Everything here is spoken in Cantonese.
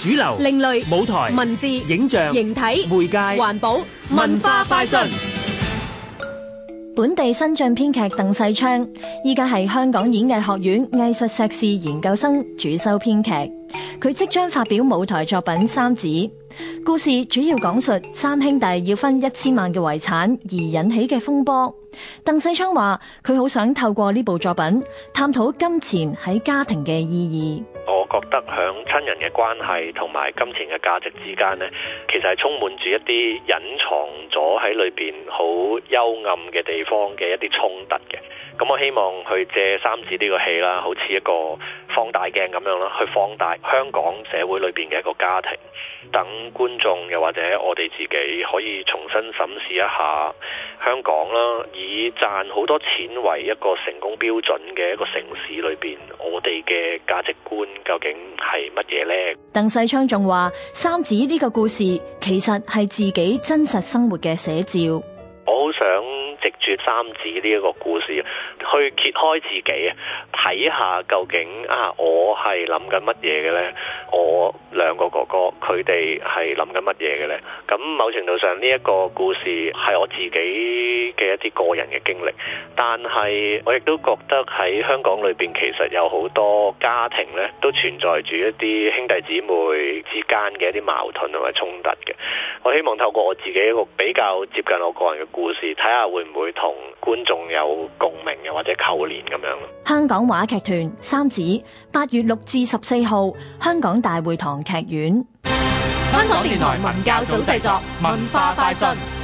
主流、另類、舞台、文字、影像、形體、媒介、環保、文化快訊。本地新晉編劇鄧世昌，依家係香港演藝學院藝術碩士研究生，主修編劇。佢即將發表舞台作品《三子》，故事主要講述三兄弟要分一千萬嘅遺產而引起嘅風波。鄧世昌話：佢好想透過呢部作品探討金錢喺家庭嘅意義。覺得喺親人嘅關係同埋金錢嘅價值之間呢，其實係充滿住一啲隱藏咗喺裏邊好幽暗嘅地方嘅一啲衝突嘅。咁我希望去借三子呢個戲啦，好似一個放大鏡咁樣啦，去放大香港社會裏邊嘅一個家庭，等觀眾又或者我哋自己可以重新審視一下。香港啦，以賺好多錢為一個成功標準嘅一個城市裏邊，我哋嘅價值觀究竟係乜嘢咧？鄧世昌仲話：三子呢個故事其實係自己真實生活嘅寫照。我好想藉住三子呢一個故事去揭開自己啊，睇下究竟啊，我係諗緊乜嘢嘅咧？我兩個哥哥，佢哋係諗緊乜嘢嘅咧？咁某程度上呢一個故事係我自己嘅一啲個人嘅經歷，但係我亦都覺得喺香港裏邊其實有好多家庭咧，都存在住一啲兄弟姊妹之間嘅一啲矛盾同埋衝突嘅。我希望透過我自己一個比較接近我個人嘅故事，睇下會唔會同觀眾有共鳴嘅，或者扣連咁樣。香港話劇團三子八月六至十四號香港大會堂劇院。香港電台文教組製作，文，製作文化快訊。